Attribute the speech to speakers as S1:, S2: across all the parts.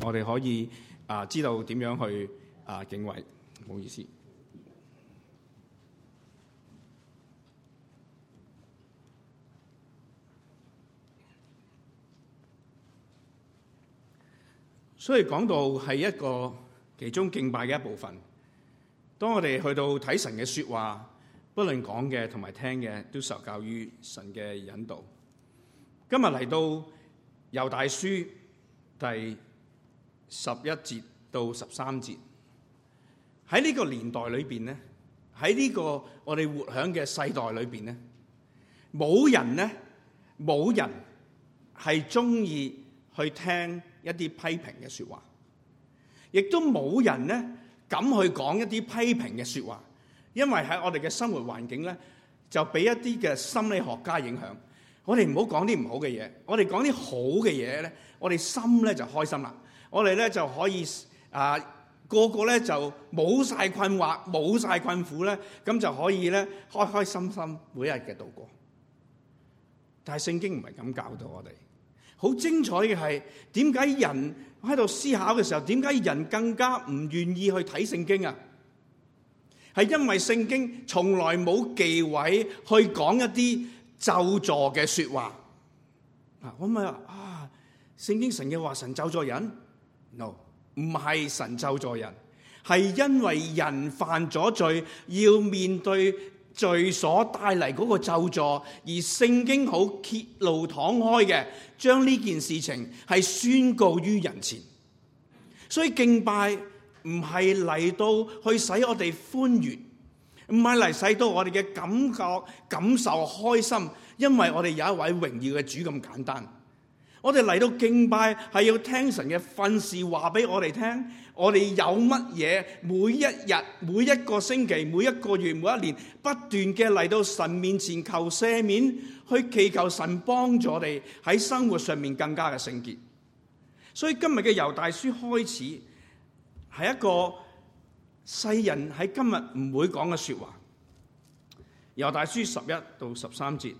S1: 我哋可以啊知道點樣去啊敬畏，唔好意思。所以講到係一個其中敬拜嘅一部分。當我哋去到睇神嘅說話。不論講嘅同埋聽嘅，都受教於神嘅引導。今日嚟到《猶大書》第十一節到十三節，喺呢個年代裏邊咧，喺呢個我哋活響嘅世代裏邊咧，冇人咧，冇人係中意去聽一啲批評嘅說話，亦都冇人咧敢去講一啲批評嘅說話。因為喺我哋嘅生活環境咧，就俾一啲嘅心理學家影響。我哋唔好講啲唔好嘅嘢，我哋講啲好嘅嘢咧，我哋心咧就開心啦。我哋咧就可以啊，個個咧就冇晒困惑，冇晒困苦咧，咁就可以咧開開心心每日嘅度過。但係聖經唔係咁教導我哋。好精彩嘅係點解人喺度思考嘅時候，點解人更加唔願意去睇聖經啊？係因為聖經從來冇忌諱去講一啲咒詛嘅說話，啊咁啊啊！聖經神嘅話神咒詛人，no 唔係神咒詛人，係因為人犯咗罪要面對罪所帶嚟嗰個咒詛，而聖經好揭露敞開嘅，將呢件事情係宣告於人前，所以敬拜。唔係嚟到去使我哋歡愉，唔係嚟使到我哋嘅感覺感受開心，因為我哋有一位榮耀嘅主咁簡單。我哋嚟到敬拜係要聽神嘅訓示話俾我哋聽，我哋有乜嘢，每一日、每一個星期、每一個月、每一年，不斷嘅嚟到神面前求赦免，去祈求神幫助我哋喺生活上面更加嘅聖潔。所以今日嘅《猶大書》開始。係一個世人喺今日唔會講嘅說話。由猶大書十一到十三節，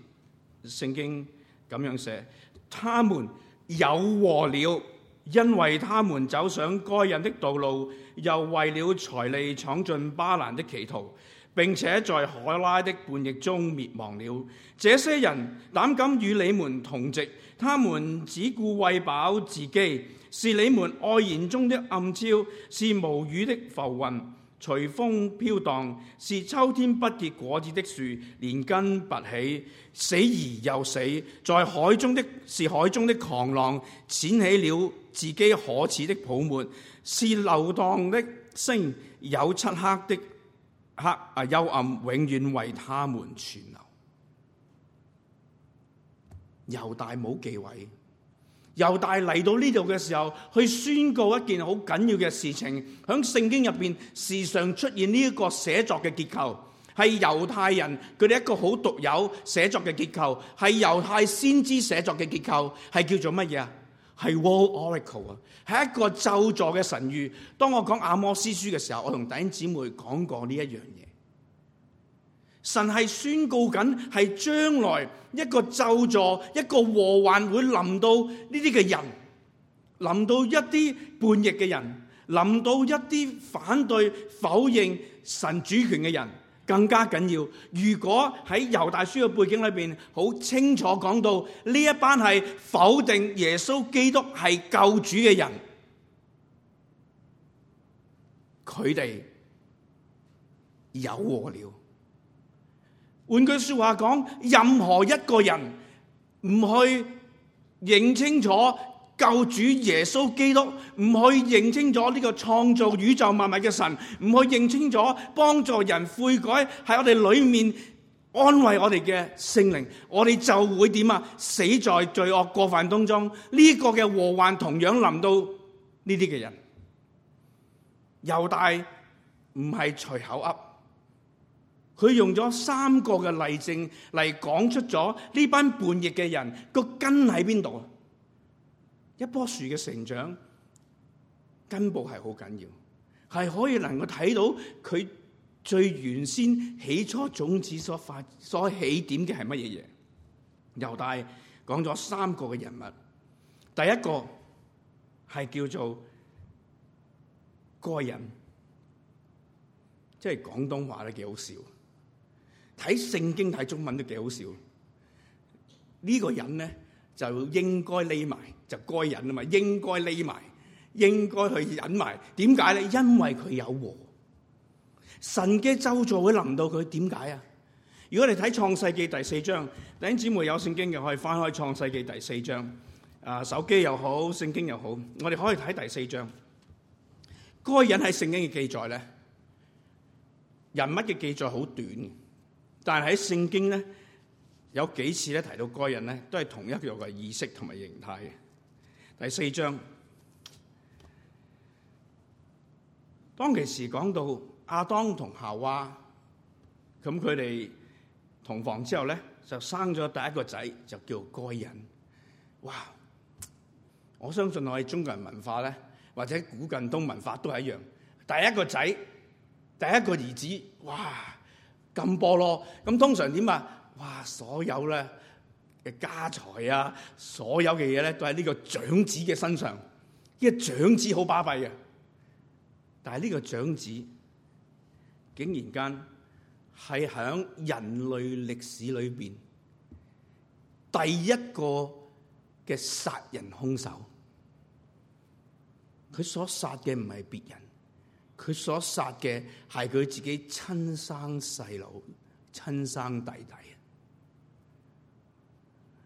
S1: 聖經咁樣寫：「他們有禍了，因為他們走上該隱的道路，又為了財利闖進巴蘭的歧途，並且在海拉的叛逆中滅亡了。這些人膽敢與你們同席，他們只顧餵飽自己。是你們愛筵中的暗礁，是無語的浮雲，隨風飄蕩；是秋天不結果子的樹，連根拔起，死而又死。在海中的，是海中的狂浪，捲起了自己可恥的泡沫。是流蕩的星，有漆黑的黑啊、呃，幽暗永遠為他們存留。猶大武記位。猶大嚟到呢度嘅時候，去宣告一件好緊要嘅事情，喺聖經入邊時常出現呢一個寫作嘅結構，係猶太人佢哋一個好獨有寫作嘅結構，係猶太先知寫作嘅結構，係叫做乜嘢啊？係 wall Oracle 啊，係一個咒詛嘅神諭。當我講阿摩司書嘅時候，我同弟兄姊妹講過呢一樣嘢。神係宣告緊，係將來一個咒詛，一個禍患會臨到呢啲嘅人，臨到一啲叛逆嘅人，臨到一啲反對、否認神主權嘅人。更加緊要，如果喺猶大書嘅背景裏邊，好清楚講到呢一班係否定耶穌基督係救主嘅人，佢哋有禍了。換句說話講，任何一個人唔去認清楚救主耶穌基督，唔去認清楚呢個創造宇宙萬物嘅神，唔去認清楚幫助人悔改喺我哋裏面安慰我哋嘅聖靈，我哋就會點啊？死在罪惡過犯當中，呢個嘅禍患同樣臨到呢啲嘅人。猶大唔係隨口噏。佢用咗三個嘅例證嚟講出咗呢班叛逆嘅人個根喺邊度？一樖樹嘅成長，根部係好緊要，係可以能夠睇到佢最原先起初種子所發所起點嘅係乜嘢嘢？猶大講咗三個嘅人物，第一個係叫做個人，即係廣東話咧，幾好笑。睇聖經睇中文都幾好笑。呢、這個人咧就應該匿埋，就該隱啊嘛，應該匿埋，應該去隱埋。點解咧？因為佢有禍。神嘅咒詛會臨到佢，點解啊？如果你睇創世記第四章，弟兄姊妹有聖經嘅可以翻開創世記第四章，啊手機又好，聖經又好，我哋可以睇第四章。該隱喺聖經嘅記載咧，人物嘅記載好短。但係喺聖經咧，有幾次咧提到該人咧，都係同一樣嘅意識同埋形態嘅。第四章，當其時講到亞當同夏娃，咁佢哋同房之後咧，就生咗第一個仔，就叫該人。哇！我相信我哋中國人文化咧，或者古近東文化都係一樣，第一個仔、第一個兒子，哇！咁波咯，咁通常點啊？哇，所有咧嘅家財啊，所有嘅嘢咧，都喺呢個長子嘅身上。呢個長子好巴閉嘅，但係呢個長子竟然間係響人類歷史裏邊第一個嘅殺人凶手。佢所殺嘅唔係別人。佢所殺嘅係佢自己親生細佬、親生弟弟啊！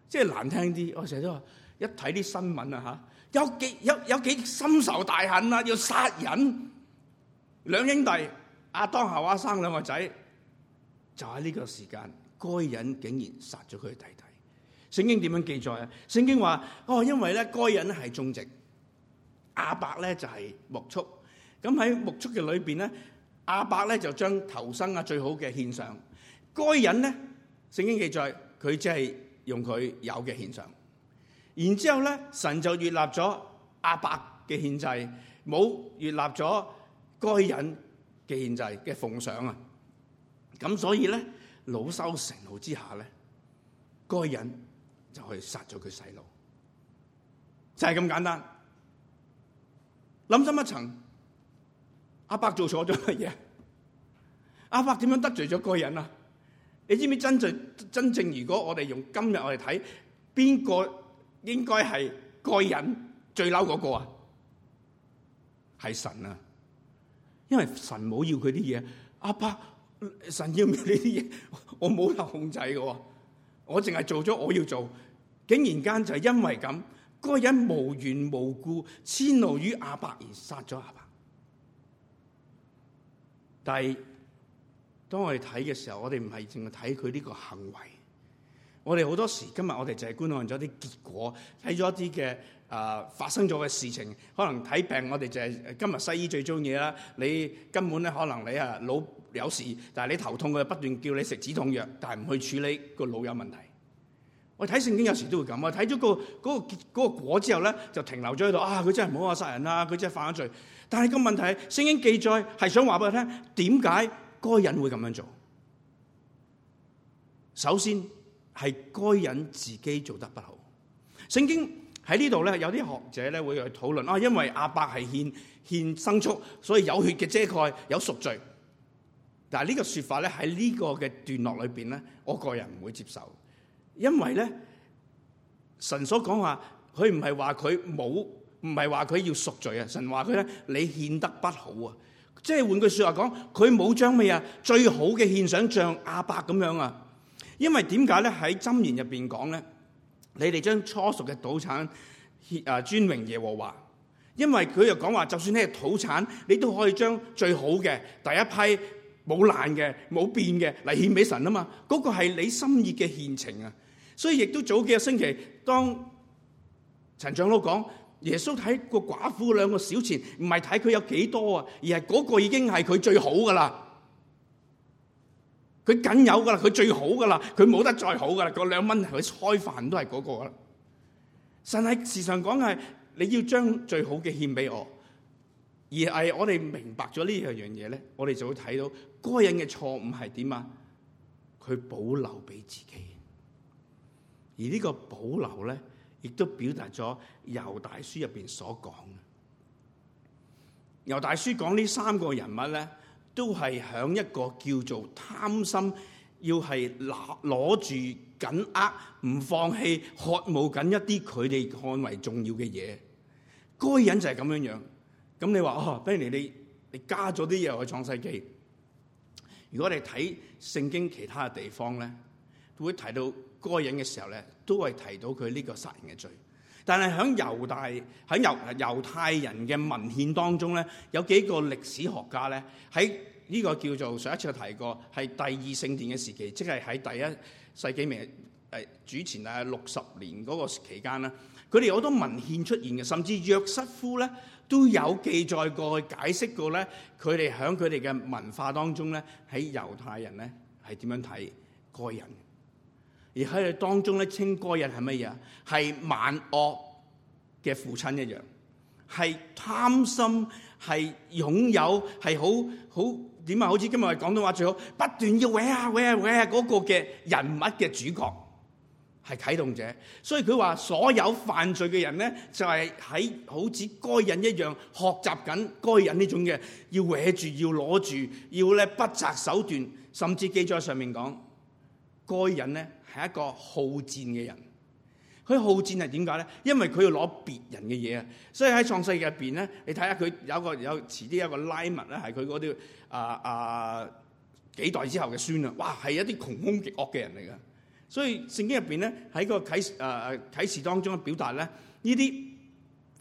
S1: 即係難聽啲，我成日都話一睇啲新聞啊嚇，有幾有有幾深仇大恨啊，要殺人兩兄弟阿當夏娃生兩個仔，就喺呢個時間，該人竟然殺咗佢弟弟。聖經點樣記載啊？聖經話：哦，因為咧，該人係種植亞伯咧，就係牧畜。咁喺目卒嘅裏邊咧，亞伯咧就將頭生啊最好嘅獻上。該隱咧，聖經記載佢只係用佢有嘅獻上。然之後咧，神就悅納咗亞伯嘅獻祭，冇悅納咗該隱嘅獻祭嘅奉上啊。咁所以咧，老羞成怒之下咧，該隱就去殺咗佢細佬，就係、是、咁簡單。諗深一層。阿伯做錯咗乜嘢？阿伯點樣得罪咗個人啊？你知唔知真正真正如果我哋用今日我哋睇，邊個應該係個人最嬲嗰個啊？係神啊！因為神冇要佢啲嘢，阿伯神要唔要呢啲嘢？我冇得控制嘅，我淨係做咗我要做，竟然間就係因為咁，個人無緣無故遷怒於阿伯而殺咗阿伯。但係，當我哋睇嘅時候，我哋唔係淨係睇佢呢個行為。我哋好多時今日我哋淨係觀看咗啲結果，睇咗一啲嘅啊發生咗嘅事情。可能睇病我哋就係、是、今日西醫最中意啦。你根本咧可能你啊腦有事，但係你頭痛嘅不斷叫你食止痛藥，但係唔去處理個腦有問題。我睇聖經有時都會咁，我睇咗、嗰個、嗰個、嗰個嗰個、果之後咧，就停留咗喺度。啊！佢真係唔好話殺人啦，佢真係犯咗罪。但係個問題，聖經記載係想話俾我聽，點解該隱會咁樣做？首先係該隱自己做得不好。聖經喺呢度咧，有啲學者咧會去討論啊，因為亞伯係獻獻牲畜，所以有血嘅遮蓋，有贖罪。但係呢個說法咧喺呢個嘅段落裏邊咧，我個人唔會接受，因為咧神所講話，佢唔係話佢冇。唔係話佢要贖罪啊！神話佢咧，你獻得不好啊！即係換句話說話講，佢冇將乜嘢最好嘅獻上像亞伯咁樣啊！因為點解咧？喺箴言入邊講咧，你哋將初熟嘅土產啊，尊榮耶和華。因為佢又講話，就算你係土產，你都可以將最好嘅第一批冇爛嘅冇變嘅嚟獻俾神啊嘛！嗰、那個係你心意嘅獻情啊！所以亦都早幾個星期，當陳長老講。耶穌睇個寡婦兩個小錢，唔係睇佢有幾多啊，而係嗰個已經係佢最好噶啦。佢僅有噶啦，佢最好噶啦，佢冇得再好噶啦。嗰兩蚊係佢開飯都係嗰個啦。神係時常講係你要將最好嘅獻俾我，而係我哋明白咗呢樣樣嘢咧，我哋就會睇到嗰人嘅錯誤係點啊？佢保留俾自己，而呢個保留咧。亦都表達咗《猶大書》入邊所講，《猶大書》講呢三個人物咧，都係響一個叫做貪心，要係攞攞住緊握，唔放棄，渴慕緊一啲佢哋看為重要嘅嘢。該隱就係咁樣樣。咁你話哦，不如你你加咗啲嘢去創世記。如果你睇聖經其他嘅地方咧，都會提到該人嘅時候咧，都係提到佢呢個殺人嘅罪。但係喺猶大喺猶猶太人嘅文獻當中咧，有幾個歷史學家咧喺呢個叫做上一次提過，係第二聖殿嘅時期，即係喺第一世紀末誒主前啊六十年嗰個期間啦。佢哋好多文獻出現嘅，甚至約瑟夫咧都有記載過去解釋過咧，佢哋喺佢哋嘅文化當中咧，喺猶太人咧係點樣睇該人？而喺佢當中咧，稱該人係乜嘢？係萬惡嘅父親一樣，係貪心，係擁有，係好好點啊？好似今日係廣東話最好，不斷要搲啊搲啊搲啊嗰個嘅人物嘅主角，係啟動者。所以佢話所有犯罪嘅人咧，就係、是、喺好似該人一樣學習緊該人呢種嘅，要搲住，要攞住，要咧不擇手段。甚至記載上面講，該人咧。係一個好戰嘅人，佢好戰係點解咧？因為佢要攞別人嘅嘢啊！所以喺創世記入邊咧，你睇下佢有一個有遲啲一個拉麥咧，係佢嗰啲啊啊幾代之後嘅孫啊！哇，係一啲窮凶極惡嘅人嚟㗎！所以聖經入邊咧，喺個啟誒啟示當中嘅表達咧，呢啲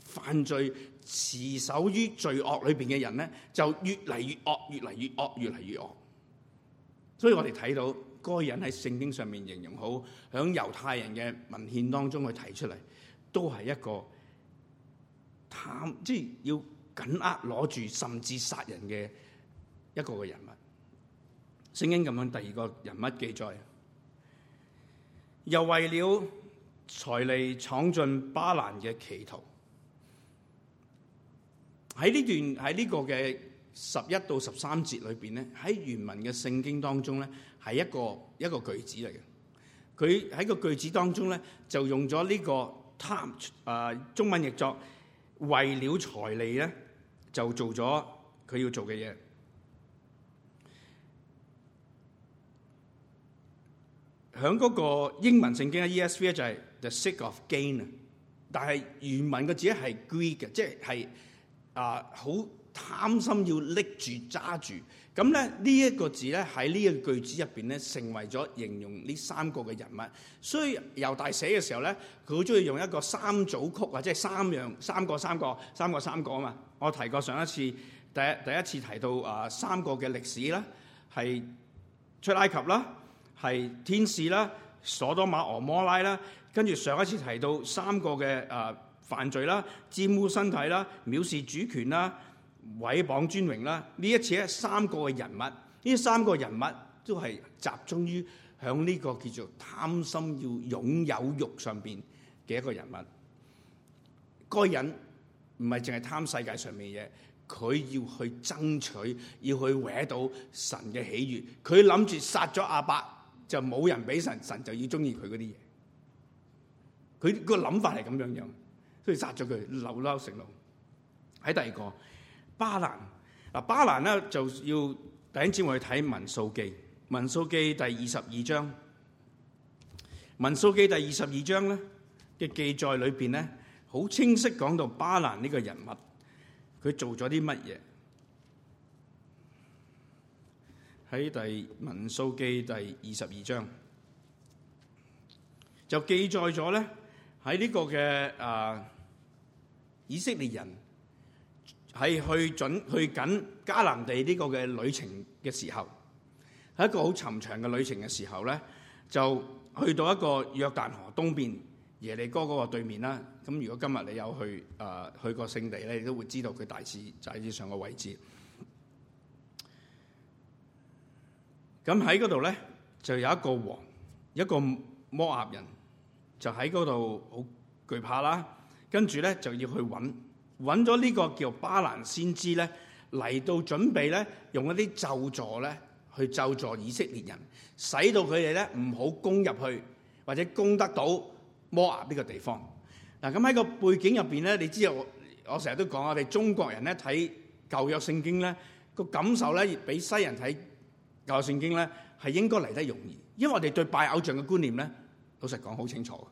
S1: 犯罪持守於罪惡裏邊嘅人咧，就越嚟越惡，越嚟越惡，越嚟越惡。所以我哋睇到。嗰人喺聖經上面形容好，喺猶太人嘅文獻當中去提出嚟，都係一個貪，即係要緊握攞住，甚至殺人嘅一個嘅人物。聖經咁樣第二個人物記載，又為了財利闖進巴蘭嘅企圖。喺呢段喺呢個嘅十一到十三節裏邊咧，喺原文嘅聖經當中咧。係一個一個句子嚟嘅，佢喺個句子當中咧，就用咗呢個貪，啊中文譯作為了財利咧，就做咗佢要做嘅嘢。喺嗰個英文聖經嘅 ESV 咧就係 the sake of gain 啊，但係原文嘅字係 greed 嘅、就是，即係啊好貪心要拎住揸住。咁咧呢一個字咧喺呢一個句子入邊咧，成為咗形容呢三個嘅人物。所以猶大寫嘅時候咧，佢好中意用一個三組曲或者係三樣、三個、三個、三個、三個啊嘛。我提過上一次，第一第一次提到啊三個嘅歷史啦，係出埃及啦，係天使啦，索多瑪俄摩拉啦，跟住上一次提到三個嘅啊犯罪啦、玷污身體啦、藐視主權啦。毀榜尊榮啦！呢一次咧，三個嘅人物，呢三個人物都係集中於響呢個叫做貪心要擁有欲上邊嘅一個人物。嗰個人唔係淨係貪世界上面嘅嘢，佢要去爭取，要去搲到神嘅喜悅。佢諗住殺咗阿伯，就冇人俾神，神就要中意佢嗰啲嘢。佢個諗法係咁樣樣，所以殺咗佢，流竇成龍。喺第二個。巴蘭嗱，巴蘭咧就要第一次我哋睇民數記，民數記第二十二章，民數記第二十二章咧嘅記載裏邊咧，好清晰講到巴蘭呢個人物，佢做咗啲乜嘢？喺第民數記第二十二章，就記載咗咧喺呢個嘅啊以色列人，喺去準去緊迦南地呢個嘅旅程嘅時候，係一個好冗長嘅旅程嘅時候咧，就去到一個約旦河東邊耶利哥嗰個對面啦。咁如果今日你有去啊、呃、去過聖地咧，你都會知道佢大致大致、就係、上嘅位置。咁喺嗰度咧就有一個王，一個摩押人，就喺嗰度好懼怕啦。跟住咧就要去揾。揾咗呢個叫巴蘭先知咧嚟到準備咧，用一啲咒詛咧去咒詛以色列人，使到佢哋咧唔好攻入去，或者攻得到摩押呢個地方。嗱，咁喺個背景入邊咧，你知道我成日都講，我哋中國人咧睇舊約聖經咧個感受咧，亦比西人睇舊約聖經咧係應該嚟得容易，因為我哋對拜偶像嘅觀念咧，老實講好清楚。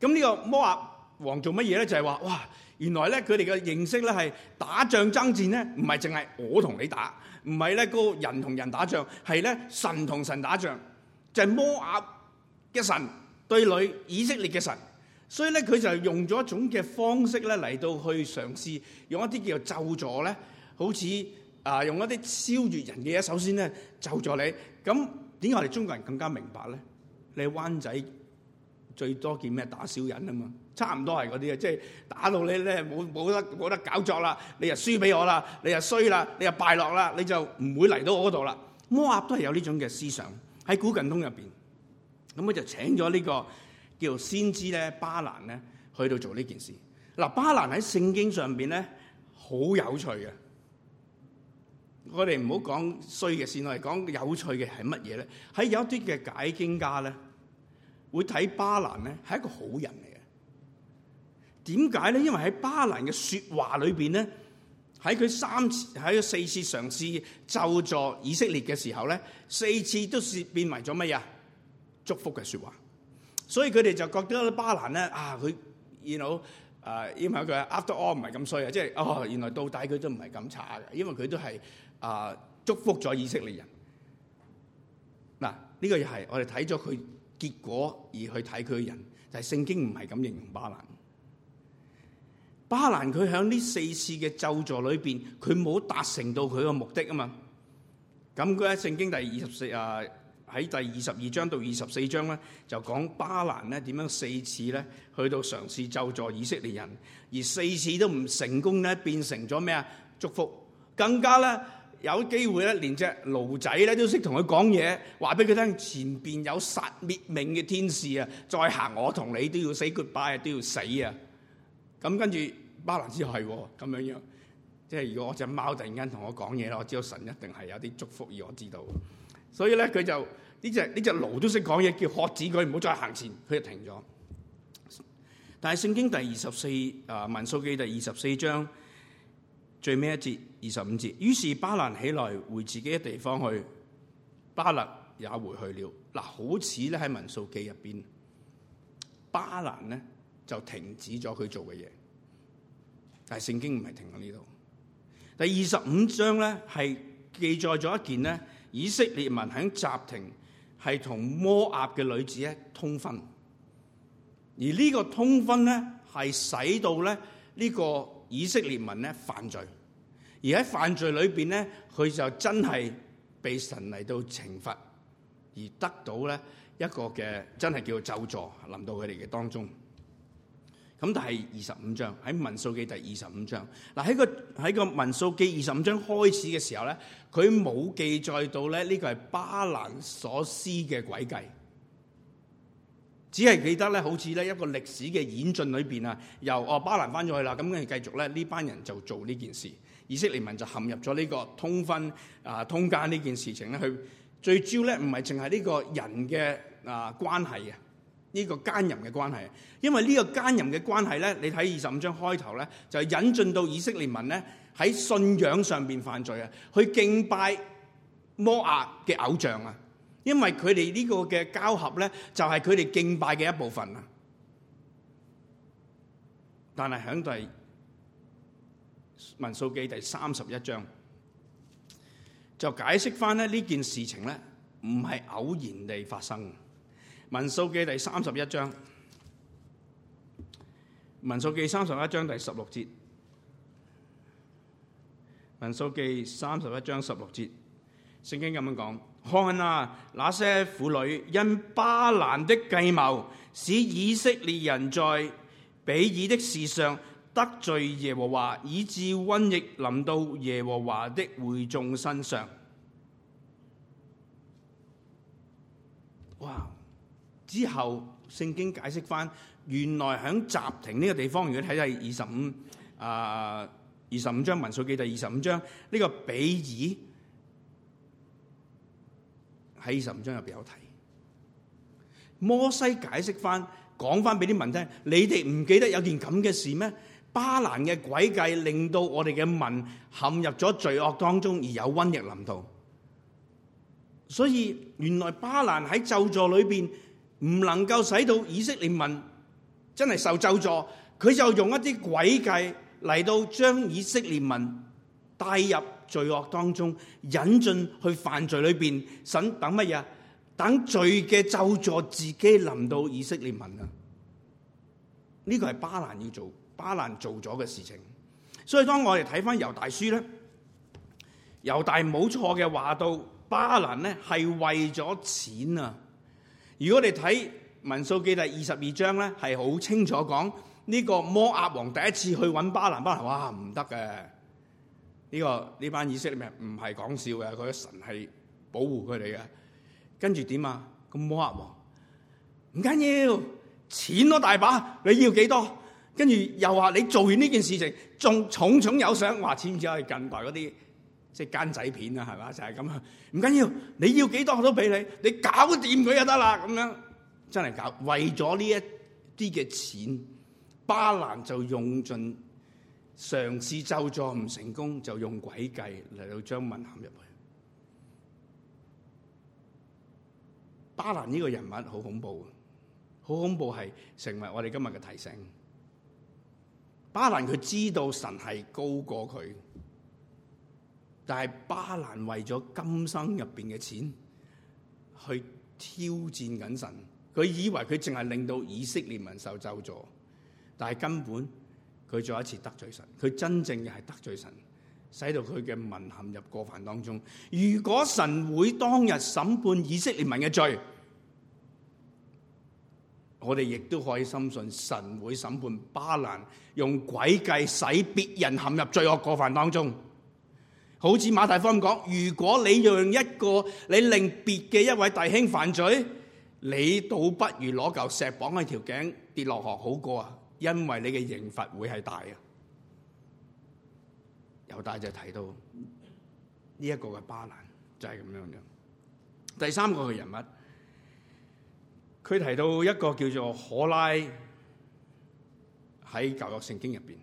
S1: 咁呢個摩押王做乜嘢咧？就係、是、話，哇！原來咧，佢哋嘅認識咧係打仗爭戰咧，唔係淨係我同你打，唔係咧嗰人同人打仗，係咧神同神打仗，就係、是、摩亞嘅神對女以色列嘅神，所以咧佢就用咗一種嘅方式咧嚟到去嘗試用一啲叫做咒助咧，好似啊用一啲超越人嘅嘢，首先咧咒助你，咁點解我哋中國人更加明白咧？你灣仔？最多見咩打小人啊嘛，差唔多係嗰啲啊，即係打到你咧冇冇得冇得搞作啦，你又輸俾我啦，你又衰啦，你又敗落啦，你就唔會嚟到我嗰度啦。摩押都係有呢種嘅思想喺古近東入面。咁我就請咗呢個叫做先知咧巴蘭咧去到做呢件事。嗱巴蘭喺聖經上面咧好有趣嘅，我哋唔好講衰嘅先，我哋講有趣嘅係乜嘢咧？喺有啲嘅解經家咧，會睇巴蘭咧，係一個好人嚟嘅。點解咧？因為喺巴蘭嘅說話裏邊咧，喺佢三次喺佢四次嘗試咒詛以色列嘅時候咧，四次都是變為咗乜嘢？祝福嘅說話。所以佢哋就覺得巴蘭咧啊，佢 you know 啊，因為佢 After All 唔係咁衰啊，即係哦，原來到底佢都唔係咁差嘅，因為佢都係啊祝福咗以色列人。嗱，這個，呢個又係我哋睇咗佢。結果而去睇佢嘅人，但係聖經唔係咁形容巴蘭。巴蘭佢喺呢四次嘅咒助裏邊，佢冇達成到佢個目的啊嘛。咁佢喺聖經第二十四啊，喺第二十二章到二十四章咧，就講巴蘭咧點樣四次咧去到嘗試咒助以色列人，而四次都唔成功咧，變成咗咩啊？祝福更加咧。有機會咧，連隻驢仔咧都識同佢講嘢，話俾佢聽前邊有殺滅命嘅天使啊！再行我同你都要死，goodbye，都要死 e 啊，都要死啊！咁跟住巴蘭斯係咁樣樣，即係如果我隻貓突然間同我講嘢啦，我知道神一定係有啲祝福而我知道。所以咧，佢就呢隻呢隻驢都識講嘢，叫喝止佢唔好再行前，佢就停咗。但係聖經第二十四啊民數記第二十四章最尾一節。二十五節，於是巴蘭起來回自己嘅地方去，巴勒也回去了。嗱，好似咧喺民數記入邊，巴蘭呢就停止咗佢做嘅嘢。但係聖經唔係停喺呢度，第二十五章咧係記載咗一件呢：以色列民喺什亭係同摩押嘅女子咧通婚，而呢個通婚咧係使到咧呢個以色列民咧犯罪。而喺犯罪裏邊咧，佢就真係被神嚟到懲罰，而得到咧一個嘅真係叫做咒詛臨到佢哋嘅當中。咁但係二十五章喺民數記第二十五章，嗱喺個喺個民數記二十五章開始嘅時候咧，佢冇記載到咧呢個係巴蘭所施嘅詭計，只係記得咧好似咧一個歷史嘅演進裏邊啊，由哦巴蘭翻咗去啦，咁跟住繼續咧呢班人就做呢件事。以色列民就陷入咗呢個通婚啊、通奸呢件事情咧，佢最主要咧唔係淨係呢個人嘅啊關係啊，呢個奸淫嘅關係，因為呢個奸淫嘅關係咧，你睇二十五章開頭咧，就引進到以色列民咧喺信仰上邊犯罪啊，去敬拜摩亞嘅偶像啊，因為佢哋呢個嘅交合咧，就係佢哋敬拜嘅一部分啊，但係響度。民數記第三十一章就解釋翻呢件事情呢唔係偶然地發生。民數記第三十一章，民數記三十一章第十六節，民數記三十一章十六節，聖經咁樣講：看啊，那些婦女因巴蘭的計謀，使以色列人在毗珥的事上。得罪耶和華，以致瘟疫臨到耶和華的會眾身上。哇！之後聖經解釋翻，原來喺集亭呢個地方，如果睇係二十五啊，二十五章民數記第二十五章呢個比爾喺二十五章入邊有提。摩西解釋翻，講翻俾啲民聽，你哋唔記得有件咁嘅事咩？巴蘭嘅詭計令到我哋嘅民陷入咗罪惡當中，而有瘟疫臨到，所以原來巴蘭喺咒詛裏邊唔能夠使到以色列民真係受咒詛，佢就用一啲詭計嚟到將以色列民帶入罪惡當中，引進去犯罪裏邊，想等乜嘢？等罪嘅咒詛自己臨到以色列民啊！呢個係巴蘭要做。巴蘭做咗嘅事情，所以當我哋睇翻猶大書咧，猶大冇錯嘅話，到巴蘭咧係為咗錢啊。如果你睇民數記第二十二章咧，係好清楚講呢個摩押王第一次去揾巴蘭，巴蘭哇，唔得嘅，呢個呢班以色列人唔係講笑嘅，佢嘅神係保護佢哋嘅。跟住點啊？咁摩押王唔緊要，錢都大把，你要幾多少？跟住又話你做完呢件事情，仲重重有賞。話遷就係近代嗰啲即奸仔片啦，係嘛就係咁。唔緊要，你要幾多我都俾你，你搞掂佢就得啦。咁樣真係搞，為咗呢一啲嘅錢，巴蘭就用盡嘗試就作唔成功，就用詭計嚟到將文鹹入去。巴蘭呢個人物好恐怖，好恐怖係成為我哋今日嘅提醒。巴蘭佢知道神係高過佢，但係巴蘭為咗今生入邊嘅錢去挑戰緊神，佢以為佢淨係令到以色列民受咒詛，但係根本佢再一次得罪神，佢真正嘅係得罪神，使到佢嘅民陷入過犯當中。如果神會當日審判以色列民嘅罪，我哋亦都可以深信神會審判巴蘭，用詭計使別人陷入罪惡過犯當中。好似馬太福音咁講，如果你讓一個你令別嘅一位弟兄犯罪，你倒不如攞嚿石綁喺條頸跌落河好過啊，因為你嘅刑罰會係大啊。猶大就睇到呢一個嘅巴蘭就係咁樣嘅。第三個嘅人物。佢提到一個叫做可拉，喺舊約聖經入邊，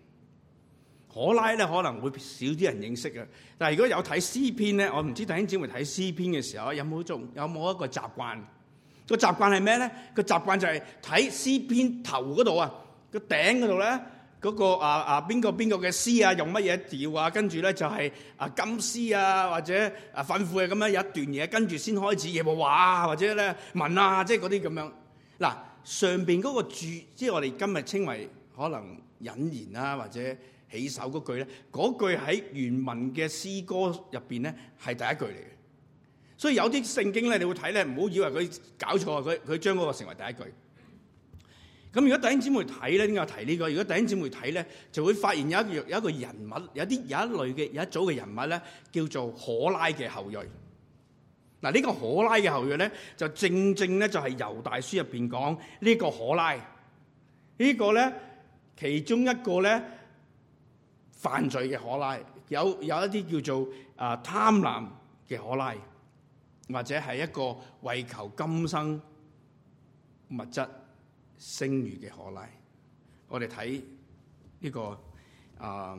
S1: 可拉咧可能會少啲人認識嘅。但係如果有睇詩篇咧，我唔知弟兄姊妹睇詩篇嘅時候有冇，仲有冇一個習慣？個習慣係咩咧？個習慣就係睇詩篇頭嗰度啊，個頂嗰度咧。嗰個啊啊，邊個邊個嘅詩啊用乜嘢調啊？跟住咧就係啊金詩啊，或者啊憤富嘅，咁樣有一段嘢，跟住先開始耶和華啊或者咧文啊，即係嗰啲咁樣。嗱上邊嗰個注，即係我哋今日稱為可能引言啊，或者起首嗰句咧，嗰句喺原文嘅詩歌入邊咧係第一句嚟嘅。所以有啲聖經咧，你會睇咧唔好以為佢搞錯，佢佢將嗰個成為第一句。咁如果弟兄姊妹睇咧，點解我提呢個？如果弟兄姊妹睇咧，就會發現有一樣有一個人物，有啲有一類嘅有一組嘅人物咧，叫做可拉嘅後裔。嗱，呢個可拉嘅後裔咧，就正正咧就係《猶大書》入邊講呢個可拉。呢個咧，其中一個咧犯罪嘅可拉，有有一啲叫做啊貪婪嘅可拉，或者係一個為求今生物質。聲譽嘅可拉，我哋睇呢個啊，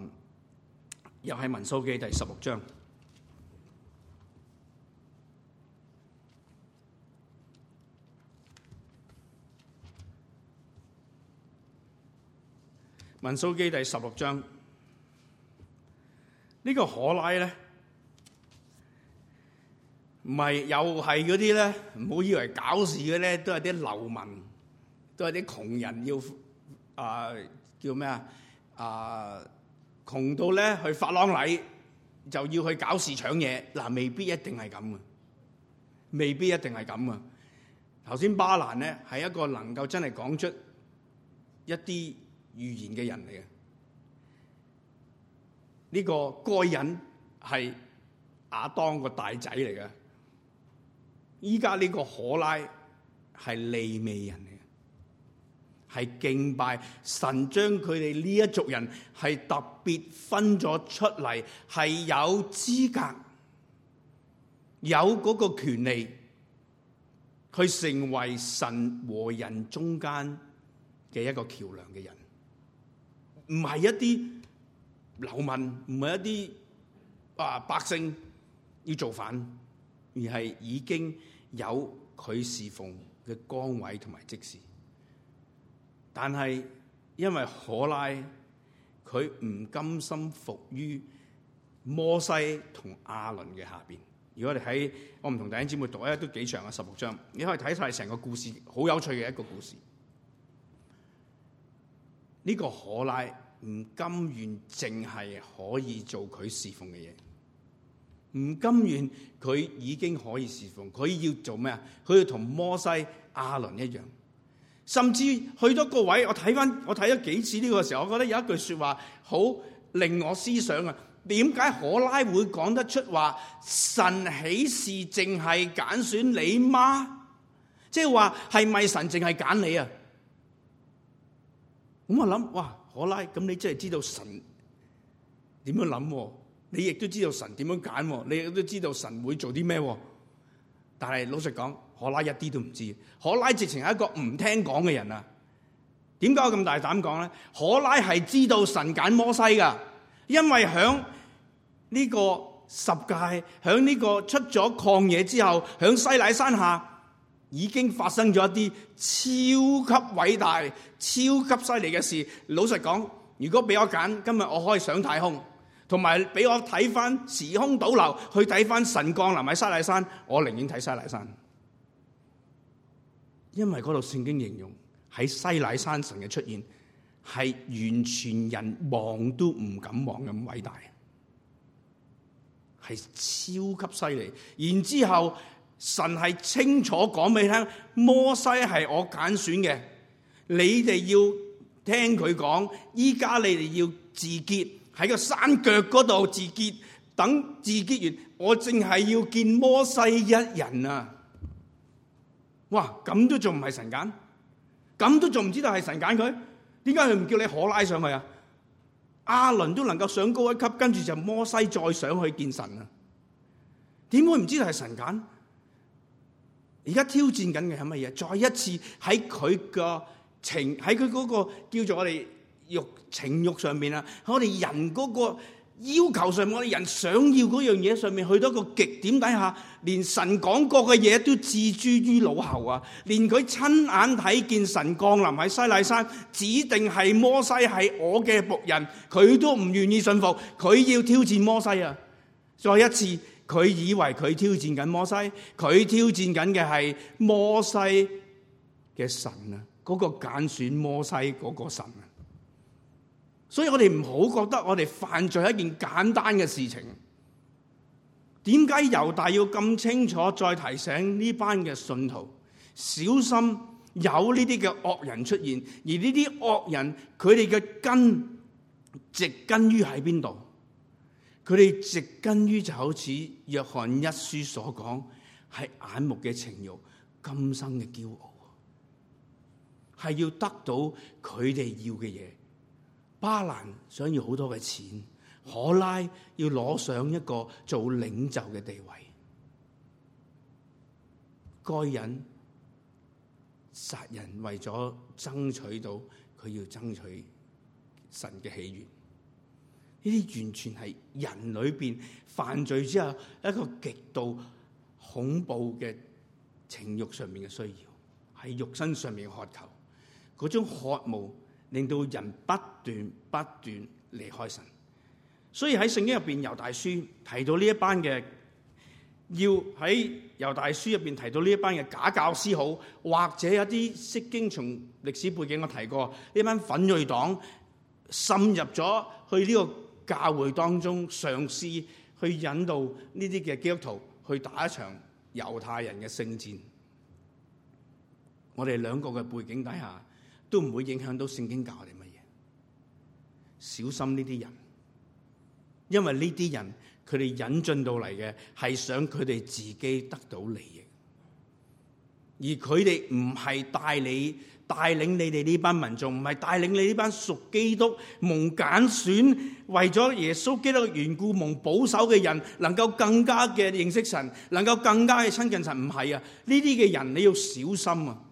S1: 又係民數記第十六章。民數記第十六章，呢、這個可拉咧，唔係又係嗰啲咧，唔好以為搞事嘅咧，都係啲流民，都係啲窮人要啊，叫咩啊？啊，窮到咧，去發喪禮就要去搞事搶嘢？嗱，未必一定係咁嘅，未必一定係咁嘅。頭先巴蘭咧，係一個能夠真係講出一啲預言嘅人嚟嘅。呢個該隱係亞當個大仔嚟嘅，依家呢個可拉係利未人。係敬拜神，將佢哋呢一族人係特別分咗出嚟，係有資格、有嗰個權利，去成為神和人中間嘅一個橋樑嘅人，唔係一啲流民，唔係一啲啊百姓要造反，而係已經有佢侍奉嘅崗位同埋職事。但係，因為可拉佢唔甘心服於摩西同亞倫嘅下邊。如果你喺我唔同弟兄姊妹讀咧，都幾長啊，十六章。你可以睇晒成個故事，好有趣嘅一個故事。呢個可拉唔甘願，淨係可以做佢侍奉嘅嘢，唔甘願佢已經可以侍奉，佢要做咩啊？佢要同摩西、亞倫一樣。甚至去咗個位，我睇翻我睇咗幾次呢個時候，我覺得有一句説話好令我思想啊！點解可拉會講得出話神豈是淨係揀選你嗎？即係話係咪神淨係揀你啊？咁我諗哇，可拉咁你真係知道神點樣諗，啊？你亦都知道神點樣揀，啊？你亦都知道神會做啲咩，啊？但係老實講。可拉一啲都唔知，可拉直情係一個唔聽講嘅人啊！點解我咁大膽講咧？可拉係知道神揀摩西噶因為響呢個十誡，響呢個出咗曠野之後，響西奈山下已經發生咗一啲超級偉大、超級犀利嘅事。老實講，如果俾我揀，今日我可以上太空，同埋俾我睇翻時空倒流，去睇翻神降臨喺西奈山，我寧願睇西奈山。因為嗰度聖經形容喺西奈山神嘅出現係完全人望都唔敢望咁偉大，係超級犀利。然之後神係清楚講俾你聽，摩西係我揀選嘅，你哋要聽佢講。依家你哋要自結喺個山腳嗰度自結，等自結完，我淨係要見摩西一人啊！哇！咁都仲唔係神揀？咁都仲唔知道係神揀佢？點解佢唔叫你可拉上去啊？阿倫都能夠上高一級，跟住就摩西再上去見神啊！點會唔知道係神揀？而家挑戰緊嘅係乜嘢？再一次喺佢個情，喺佢嗰個叫做我哋欲情欲上面啊，喺我哋人嗰個。要求上我哋人想要嗰樣嘢上面去到一個極點底下，連神講過嘅嘢都置諸於腦後啊！連佢親眼睇見神降臨喺西奈山，指定係摩西係我嘅僕人，佢都唔願意信服，佢要挑戰摩西啊！再一次，佢以為佢挑戰緊摩西，佢挑戰緊嘅係摩西嘅神啊！嗰個揀選摩西嗰個神啊！所以我哋唔好覺得我哋犯罪係一件簡單嘅事情。點解猶大要咁清楚再提醒呢班嘅信徒小心有呢啲嘅惡人出現？而呢啲惡人佢哋嘅根植根於喺邊度？佢哋植根於就好似約翰一書所講，係眼目嘅情慾、今生嘅驕傲，係要得到佢哋要嘅嘢。巴蘭想要好多嘅錢，可拉要攞上一個做領袖嘅地位，該隱殺人為咗爭取到佢要爭取神嘅喜悅，呢啲完全係人裏面犯罪之後一個極度恐怖嘅情慾上面嘅需要，喺肉身上面嘅渴求，嗰種渴慕。令到人不斷不斷離開神，所以喺聖經入邊猶大書提到呢一班嘅，要喺猶大書入邊提到呢一班嘅假教師好，或者一啲釋經從歷史背景我提過呢班奮銳黨滲入咗去呢個教會當中，嘗試去引導呢啲嘅基督徒去打一場猶太人嘅聖戰，我哋兩個嘅背景底下。都唔會影響到聖經教我哋乜嘢，小心呢啲人，因為呢啲人佢哋引進到嚟嘅係想佢哋自己得到利益，而佢哋唔係帶你帶領你哋呢班民眾，唔係帶領你呢班屬基督、蒙揀選、為咗耶穌基督嘅緣故、蒙保守嘅人，能夠更加嘅認識神，能夠更加嘅親近神，唔係啊，呢啲嘅人你要小心啊！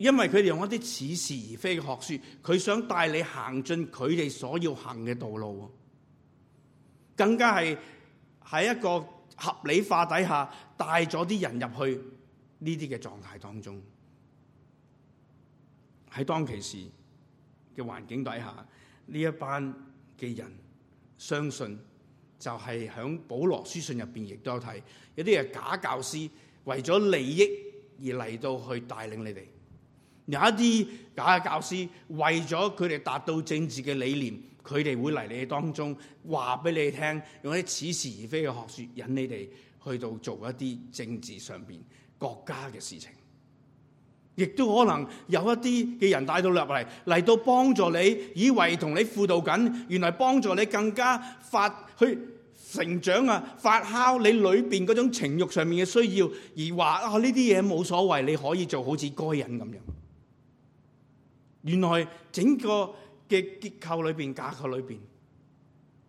S1: 因為佢哋用一啲似是而非嘅學說，佢想帶你行進佢哋所要行嘅道路，更加係喺一個合理化底下帶咗啲人入去呢啲嘅狀態當中。喺當其時嘅環境底下，呢一班嘅人相信就係響保羅書信入邊亦都有睇有啲係假教師為咗利益而嚟到去帶領你哋。有一啲假嘅教師，為咗佢哋達到政治嘅理念，佢哋會嚟你當中話俾你聽，用啲似是而非嘅學説引你哋去到做一啲政治上邊國家嘅事情。亦都可能有一啲嘅人帶到落嚟，嚟到幫助你，以為同你輔導緊，原來幫助你更加發去成長啊，發酵你裏邊嗰種情慾上面嘅需要，而話啊呢啲嘢冇所謂，你可以做好似該人咁樣。原來整個嘅結構裏邊，架構裏邊，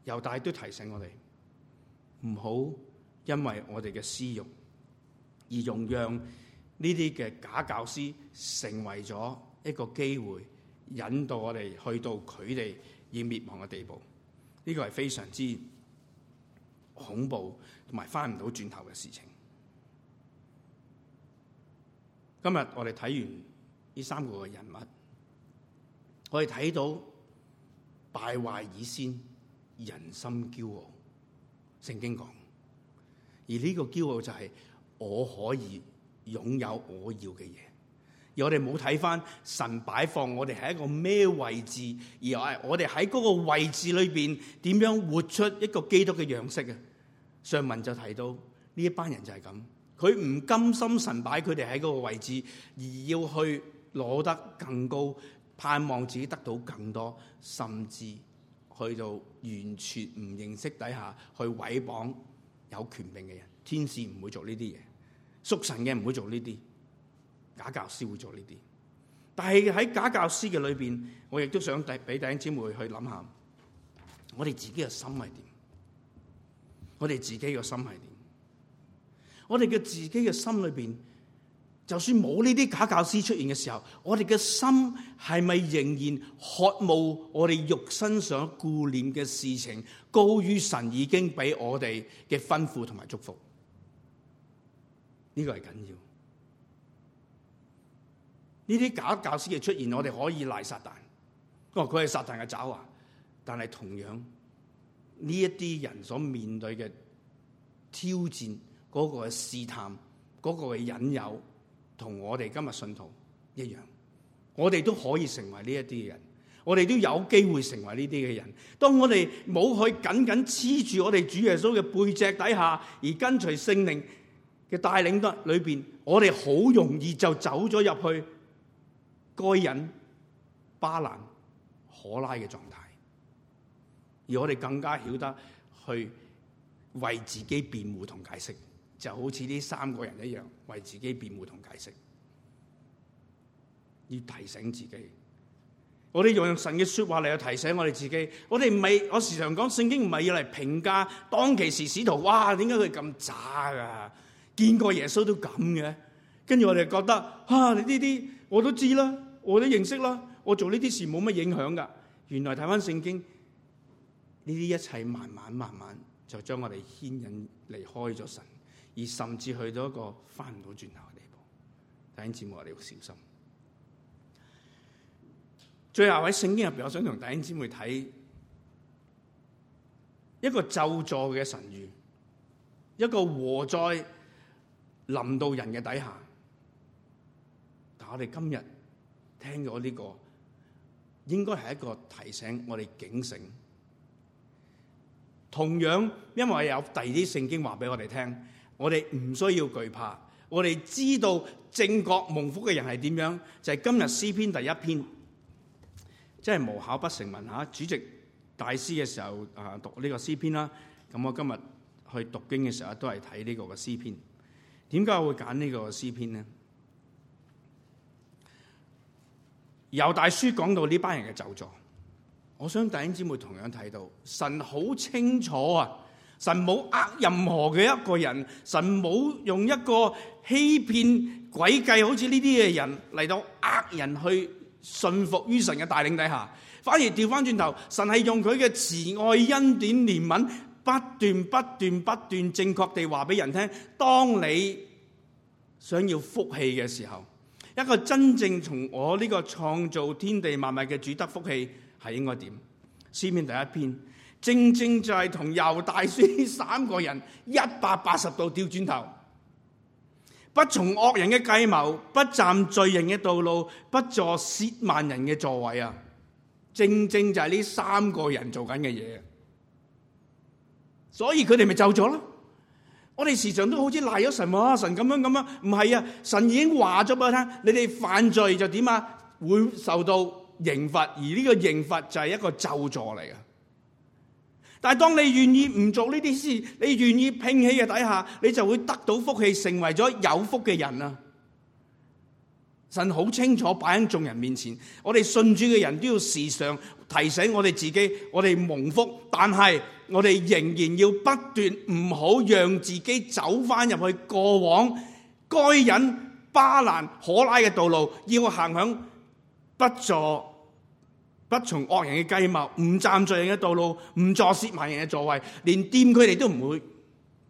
S1: 猶大都提醒我哋唔好因為我哋嘅私欲，而容讓呢啲嘅假教師成為咗一個機會，引導我哋去到佢哋要滅亡嘅地步。呢個係非常之恐怖同埋翻唔到轉頭嘅事情。今日我哋睇完呢三個嘅人物。可以睇到敗壞以先，人心驕傲。聖經講，而呢個驕傲就係、是、我可以擁有我要嘅嘢。而我哋冇睇翻神擺放我哋喺一個咩位置，而係我哋喺嗰個位置裏邊點樣活出一個基督嘅樣式嘅。上文就提到呢一班人就係咁，佢唔甘心神擺佢哋喺嗰個位置，而要去攞得更高。盼望自己得到更多，甚至去到完全唔認識底下去毀謗有權柄嘅人，天使唔會做呢啲嘢，屬神嘅唔會做呢啲，假教師會做呢啲。但係喺假教師嘅裏邊，我亦都想第俾弟兄姊妹去諗下，我哋自己嘅心係點？我哋自己嘅心係點？我哋嘅自己嘅心裏邊。就算冇呢啲假教師出現嘅時候，我哋嘅心係咪仍然渴慕我哋肉身上顧念嘅事情，高於神已經俾我哋嘅吩咐同埋祝福？呢、這個係緊要。呢啲假教師嘅出現，我哋可以賴撒旦。哦，佢係撒旦嘅爪啊！但係同樣呢一啲人所面對嘅挑戰，嗰、那個嘅試探，嗰、那個嘅引誘。同我哋今日信徒一樣，我哋都可以成為呢一啲嘅人，我哋都有機會成為呢啲嘅人。當我哋冇去緊緊黐住我哋主耶穌嘅背脊底下，而跟隨聖靈嘅帶領得裏邊，我哋好容易就走咗入去該隱、巴蘭、可拉嘅狀態，而我哋更加曉得去為自己辯護同解釋。就好似呢三個人一樣，為自己辯護同解釋，要提醒自己。我哋用神嘅說話嚟去提醒我哋自己。我哋唔係，我時常講聖經唔係要嚟評價當其時使徒。哇！點解佢咁渣㗎？見過耶穌都咁嘅，跟住我哋覺得，啊，你呢啲我都知啦，我都認識啦，我做呢啲事冇乜影響㗎。原來睇翻聖經，呢啲一切慢慢慢慢就將我哋牽引離開咗神。而甚至去到一個返唔到轉頭嘅地步，弟兄姊妹，我哋要小心。最後喺聖經入邊，我想同弟兄姊妹睇一個咒詛嘅神諭，一個禍哉臨到人嘅底下。但我哋今日聽咗呢、這個，應該係一個提醒我哋警醒。同樣，因為有第二啲聖經話俾我哋聽。我哋唔需要懼怕，我哋知道正覺蒙福嘅人係點樣，就係、是、今日詩篇第一篇，即係無巧不成文吓。主席大師嘅時候啊，讀呢個詩篇啦。咁我今日去讀經嘅時候都係睇呢個嘅詩篇。點解我會揀呢個詩篇呢？猶大書講到呢班人嘅走狀，我相信弟兄姊妹同樣睇到，神好清楚啊。神冇呃任何嘅一個人，神冇用一個欺騙詭計好像這些，好似呢啲嘅人嚟到呃人去信服於神嘅帶領底下，反而調翻轉頭，神係用佢嘅慈愛、恩典、憐憫，不斷、不斷、不斷，正確地話俾人聽：當你想要福氣嘅時候，一個真正從我呢個創造天地萬物嘅主得福氣，係應該點？詩篇第一篇。正正就係同猶大書呢三個人一百八十度掉轉頭，不從惡人嘅計謀，不站罪人嘅道路，不坐褻慢人嘅座位啊！正正就係呢三個人做緊嘅嘢，所以佢哋咪咒咗咯。我哋時常都好似賴咗神喎、啊，神咁樣咁樣，唔係啊！神已經話咗俾我聽，啊，你哋犯罪就點啊，會受到刑罰，而呢個刑罰就係一個咒詛嚟嘅。但當你願意唔做呢啲事，你願意摒棄嘅底下，你就會得到福氣，成為咗有福嘅人啊！神好清楚擺喺眾人面前，我哋信主嘅人都要時常提醒我哋自己，我哋蒙福，但係我哋仍然要不斷唔好讓自己走返入去過往該隱巴蘭可拉嘅道路，要行向不做不從惡人嘅計謀，唔站罪人嘅道路，唔坐褻慢人嘅座位，連掂佢哋都唔會。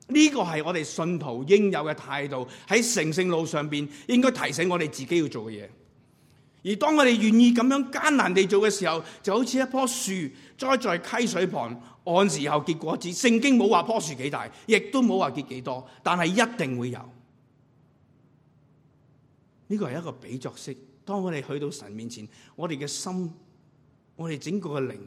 S1: 呢、這個係我哋信徒應有嘅態度，喺成聖路上邊應該提醒我哋自己要做嘅嘢。而當我哋願意咁樣艱難地做嘅時候，就好似一棵樹栽在溪水旁，按時候結果子。聖經冇話棵樹幾大，亦都冇話結幾多，但係一定會有。呢、這個係一個比作式。當我哋去到神面前，我哋嘅心。我哋整個嘅靈，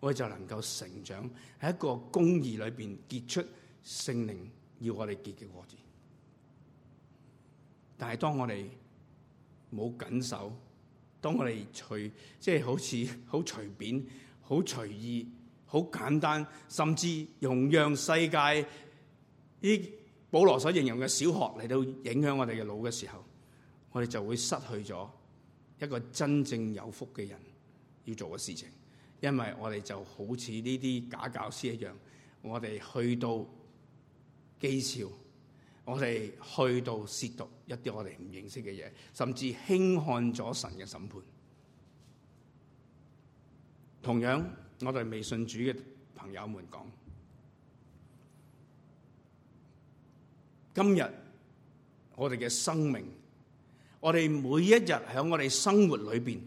S1: 我哋就能夠成長，喺一個公義裏邊結出聖靈，要我哋結嘅果子。但係當我哋冇緊守，當我哋隨即係、就是、好似好隨便、好隨意、好簡單，甚至容讓世界呢啲保羅所形容嘅小學嚟到影響我哋嘅腦嘅時候，我哋就會失去咗一個真正有福嘅人。要做嘅事情，因為我哋就好似呢啲假教師一樣，我哋去到譏笑，我哋去到褻瀆一啲我哋唔認識嘅嘢，甚至輕看咗神嘅審判。同樣，我對未信主嘅朋友們講，今日我哋嘅生命，我哋每一日喺我哋生活裏邊。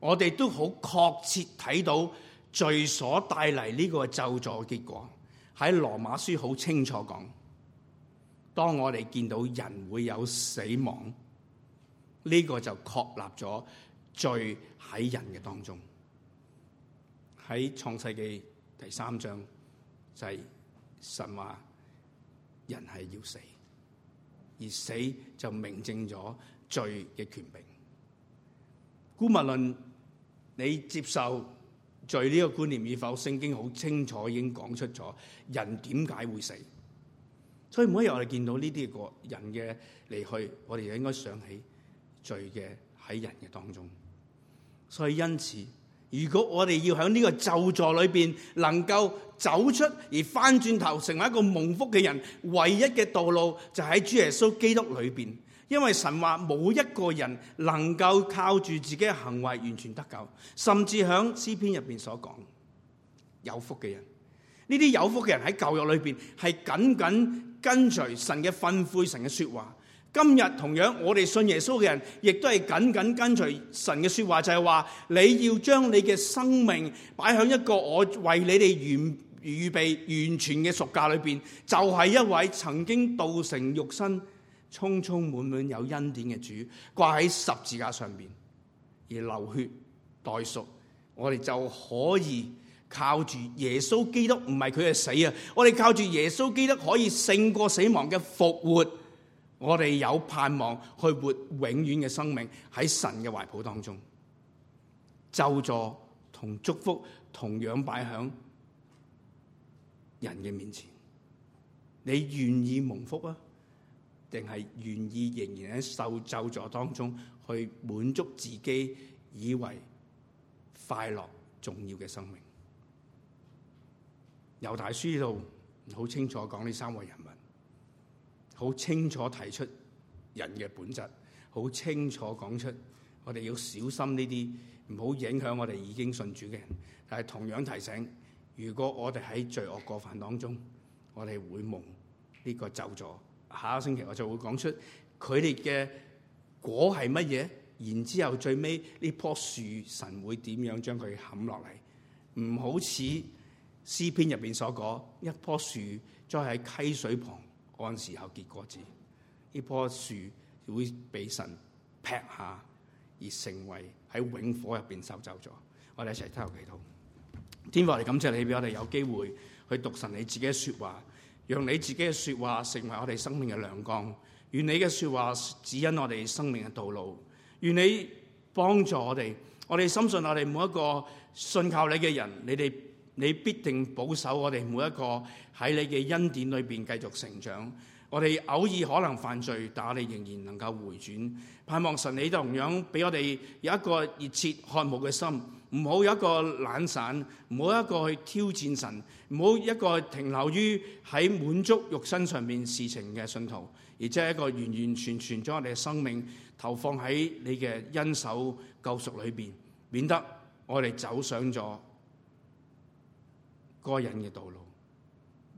S1: 我哋都好確切睇到罪所帶嚟呢個咒詛結果，喺羅馬書好清楚講，當我哋見到人會有死亡，呢個就確立咗罪喺人嘅當中。喺創世記第三章就係神話，人係要死，而死就明證咗罪嘅權柄。古物論。你接受罪呢個觀念與否，聖經好清楚已經講出咗人點解會死。所以每一日我哋見到呢啲個人嘅離去，我哋就應該想起罪嘅喺人嘅當中。所以因此，如果我哋要響呢個咒詛裏邊能夠走出而翻轉頭，成為一個蒙福嘅人，唯一嘅道路就喺主耶穌基督裏邊。因為神話，冇一個人能夠靠住自己嘅行為完全得救，甚至喺詩篇入邊所講，有福嘅人，呢啲有福嘅人喺舊約裏邊係緊緊跟隨神嘅吩咐、神嘅說話。今日同樣，我哋信耶穌嘅人，亦都係緊緊跟隨神嘅說話，就係、是、話你要將你嘅生命擺喺一個我為你哋預預備，預備完全嘅贖價裏邊，就係、是、一位曾經道成肉身，充充滿滿有恩典嘅主掛喺十字架上面而流血代贖，我哋就可以靠住耶穌基督，唔係佢嘅死啊！我哋靠住耶穌基督可以勝過死亡嘅復活，我哋有盼望去活永遠嘅生命喺神嘅懷抱當中，咒詛同祝福同樣擺響人嘅面前，你願意蒙福啊，定係願意仍然喺受咒詛當中去滿足自己以為快樂重要嘅生命。《猶大書》度好清楚講呢三位人物，好清楚提出人嘅本質，好清楚講出我哋要小心呢啲唔好影響我哋已經信主嘅人，但係同樣提醒，如果我哋喺罪惡過犯當中，我哋會蒙呢個咒詛。下個星期我就會講出佢哋嘅果係乜嘢，然之後最尾呢棵樹神會點樣將佢冚落嚟？唔好似詩篇入邊所講，一棵樹再喺溪水旁按時候結果子，呢棵樹會俾神劈下而成為喺永火入邊收走咗。我哋一齊睇口祈禱，天父，我哋感謝你俾我哋有機會去讀神你自己嘅說話。讓你自己嘅說話成為我哋生命嘅亮光，願你嘅說話指引我哋生命嘅道路，願你幫助我哋。我哋深信我哋每一個信靠你嘅人你，你必定保守我哋每一個喺你嘅恩典裏面繼續成長。我哋偶爾可能犯罪，但你仍然能夠回轉。盼望神你同樣畀我哋有一個熱切渴慕嘅心。唔好有一個懶散，唔好一個去挑戰神，唔好一個停留於喺滿足肉身上面事情嘅信徒，而係一個完完全全將我哋嘅生命投放喺你嘅恩手救贖裏邊，免得我哋走上咗該隱嘅道路，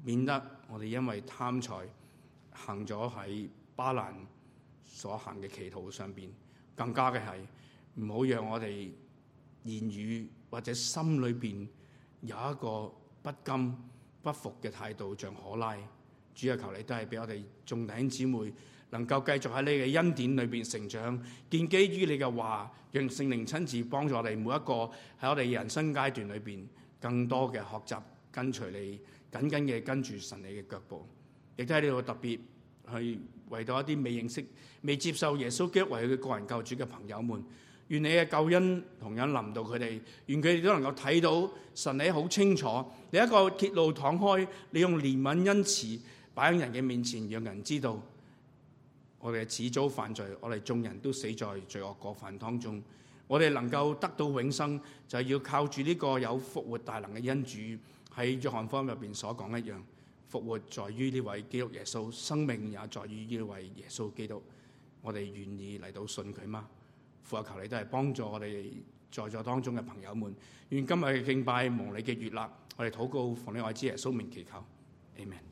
S1: 免得我哋因為貪財行咗喺巴蘭所行嘅歧途上邊，更加嘅係唔好讓我哋言語或者心裏邊有一個不甘不服嘅態度，像可拉。主啊，求你都係俾我哋眾弟兄姊妹能夠繼續喺你嘅恩典裏邊成長，建基於你嘅話，讓聖靈親自幫助我哋每一個喺我哋人生階段裏邊更多嘅學習，跟隨你緊緊嘅跟住神你嘅腳步。亦都喺呢度特別去為到一啲未認識、未接受耶穌基督為佢嘅個人救主嘅朋友們。願你嘅救恩同樣臨到佢哋，願佢哋都能夠睇到神你好清楚，你一個鐵路敞開，你用憐憫恩慈擺喺人嘅面前，讓人知道我哋始祖犯罪，我哋眾人都死在罪惡過犯當中。我哋能夠得到永生，就係要靠住呢個有復活大能嘅恩主，喺約翰福音入面所講一樣，復活在於呢位基督耶穌，生命也在於呢位耶穌基督。我哋願意嚟到信佢嗎？俯伏求你都係幫助我哋在座當中的朋友們。願今日的敬拜蒙你的悅納，我哋禱告，奉你愛子耶穌名祈求。Amen。